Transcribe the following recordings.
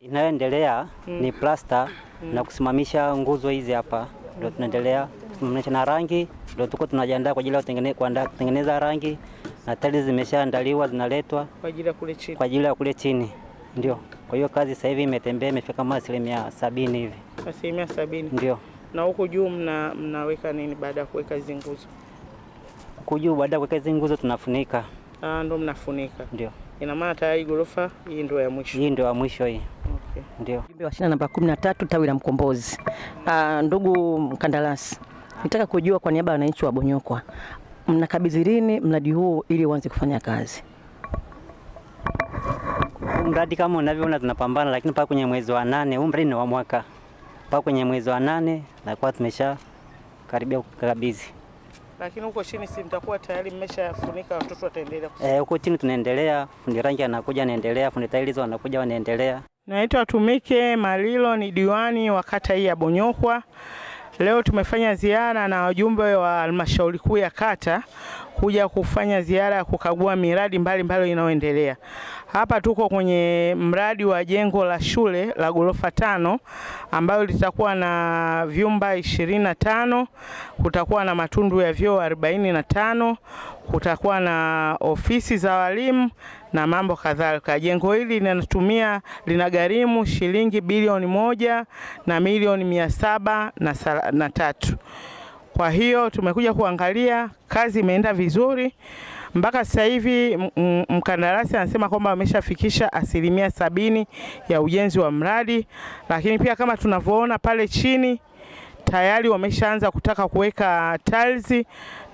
Inayoendelea mm. ni plasta mm. na kusimamisha nguzo hizi hapa, ndio tunaendelea kusimamisha na rangi, ndio tuko tunajiandaa kwa ajili ya kutengeneza rangi, na tayari zimeshaandaliwa zinaletwa kwa ajili ya kule chini, kwa ajili ya kule chini ndio. Kwa hiyo kazi sasa hivi imetembea imefika kama asilimia sabini hivi, asilimia sabini ndio. Na huku juu mna, mnaweka nini baada ya kuweka hizi nguzo? Huku juu baada ya kuweka hizi nguzo tunafunika Ah, ndo mnafunika. Ndio. Ina maana tayari gorofa hii ndio ya mwisho. Hii ndio ya mwisho hii. Okay. Ndio. Mjumbe wa shina namba 13 tawi la Mkombozi. Ah, ndugu mkandarasi, nitaka kujua kwa niaba ya wananchi wa Bonyokwa mnakabidhi lini mradi huu ili uanze kufanya kazi? Mradi kama unavyoona tunapambana, lakini mpaka kwenye mwezi wa nane, huu mradi ni wa mwaka, mpaka kwenye mwezi wa nane nakuwa tumesha karibia kukabidhi lakini huko chini si mtakuwa tayari mmeshafunika, watoto wataendelea eh, huko eh, chini. Tunaendelea fundi rangi anakuja, anaendelea fundi tairi hizo wanakuja, wanaendelea. Naitwa Watumike Malilo, ni diwani wa kata hii ya Bonyokwa. Leo tumefanya ziara na wajumbe wa halmashauri kuu ya kata kuja kufanya ziara ya kukagua miradi mbalimbali inayoendelea hapa. Tuko kwenye mradi wa jengo la shule la ghorofa tano ambayo litakuwa na vyumba ishirini na tano, kutakuwa na matundu ya vyoo arobaini na tano, kutakuwa na ofisi za walimu na mambo kadhalika. Jengo hili linatumia linagharimu shilingi bilioni moja na milioni mia saba na tatu. Kwa hiyo tumekuja kuangalia, kazi imeenda vizuri mpaka sasa hivi. Mkandarasi anasema kwamba ameshafikisha asilimia sabini ya ujenzi wa mradi, lakini pia kama tunavyoona pale chini tayari wameshaanza kutaka kuweka tiles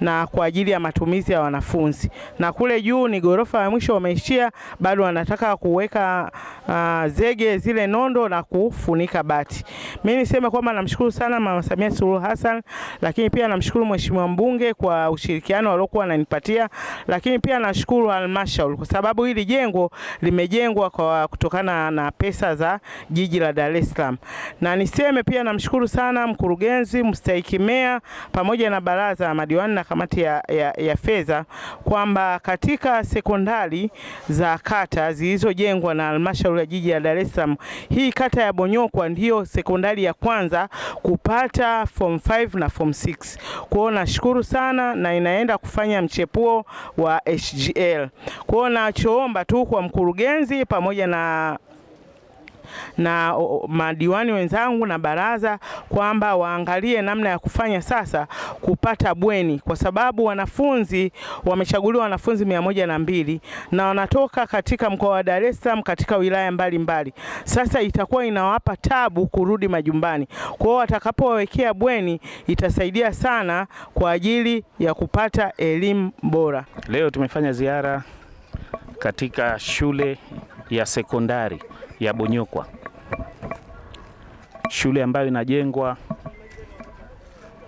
na kwa ajili ya matumizi ya wanafunzi, na kule juu ni ghorofa ya mwisho wameishia, bado wanataka kuweka uh, zege zile nondo na kufunika bati. Mimi niseme kwamba namshukuru sana Mama Samia Suluhu Hassan, lakini pia namshukuru Mheshimiwa mbunge kwa ushirikiano aliokuwa ananipatia, lakini pia nashukuru halmashauri kwa sababu hili jengo limejengwa kwa kutokana na pesa za jiji la Dar es Salaam. Na niseme pia namshukuru sana mkurugenzi mstahiki meya pamoja na baraza la madiwani na kamati ya, ya, ya fedha kwamba katika sekondari za kata zilizojengwa na halmashauri ya jiji la Dar es Salaam. Hii kata ya Bonyokwa ndiyo sekondari ya kwanza kupata form 5 na form 6. kwao nashukuru sana na inaenda kufanya mchepuo wa HGL. Kwao nachoomba tu kwa mkurugenzi pamoja na na madiwani wenzangu na baraza kwamba waangalie namna ya kufanya sasa kupata bweni, kwa sababu wanafunzi wamechaguliwa wanafunzi mia moja na mbili na wanatoka katika mkoa wa Dar es Salaam katika wilaya mbalimbali mbali. Sasa itakuwa inawapa tabu kurudi majumbani kwao, watakapowawekea bweni itasaidia sana kwa ajili ya kupata elimu bora. Leo tumefanya ziara katika shule ya sekondari ya Bonyokwa, shule ambayo inajengwa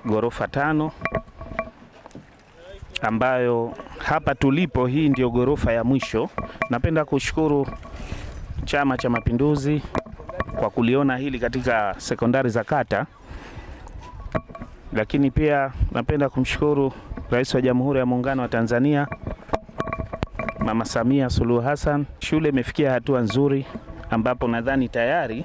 ghorofa tano, ambayo hapa tulipo hii ndio ghorofa ya mwisho. Napenda kushukuru Chama cha Mapinduzi kwa kuliona hili katika sekondari za kata, lakini pia napenda kumshukuru Rais wa Jamhuri ya Muungano wa Tanzania Mama Samia Suluhu Hassan. Shule imefikia hatua nzuri ambapo nadhani tayari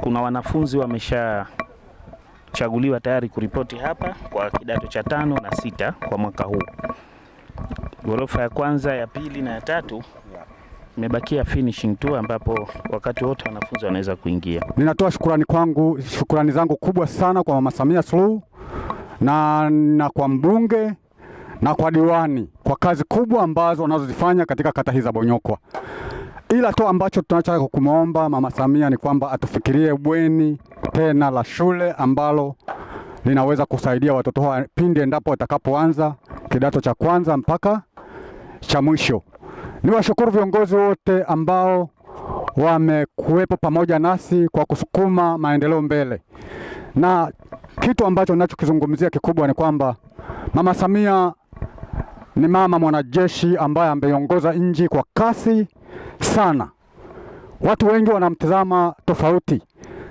kuna wanafunzi wameshachaguliwa tayari kuripoti hapa kwa kidato cha tano na sita kwa mwaka huu. Ghorofa ya kwanza, ya pili na ya tatu imebakia finishing tu, ambapo wakati wote wanafunzi wanaweza kuingia. Ninatoa shukurani kwangu, shukurani zangu kubwa sana kwa Mama Samia Suluhu na, na kwa mbunge na kwa diwani kwa kazi kubwa ambazo wanazozifanya katika kata hii za Bonyokwa ila tu ambacho tunachotaka kumwomba Mama Samia ni kwamba atufikirie bweni tena la shule ambalo linaweza kusaidia watoto hawa pindi endapo watakapoanza kidato cha kwanza mpaka cha mwisho. Niwashukuru viongozi wote ambao wamekuwepo pamoja nasi kwa kusukuma maendeleo mbele, na kitu ambacho ninachokizungumzia kikubwa ni kwamba Mama Samia ni mama mwanajeshi ambaye ameiongoza nchi kwa kasi sana. Watu wengi wanamtazama tofauti,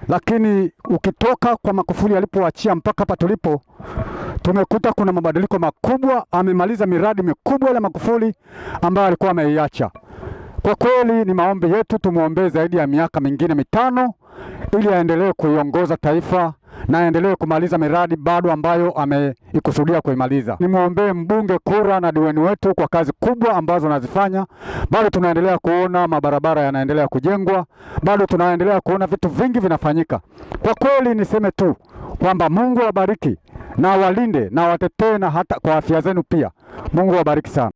lakini ukitoka kwa Magufuli alipoachia mpaka hapa tulipo, tumekuta kuna mabadiliko makubwa. Amemaliza miradi mikubwa ya Magufuli ambayo alikuwa ameiacha. Kwa kweli ni maombi yetu tumwombee zaidi ya miaka mingine mitano ili aendelee kuiongoza taifa na aendelee kumaliza miradi bado ambayo ameikusudia kuimaliza. Nimwombee mbunge kura na diwani wetu kwa kazi kubwa ambazo anazifanya. Bado tunaendelea kuona mabarabara yanaendelea kujengwa, bado tunaendelea kuona vitu vingi vinafanyika. Kwa kweli niseme tu kwamba Mungu awabariki na walinde na watetee, na hata kwa afya zenu pia. Mungu awabariki sana.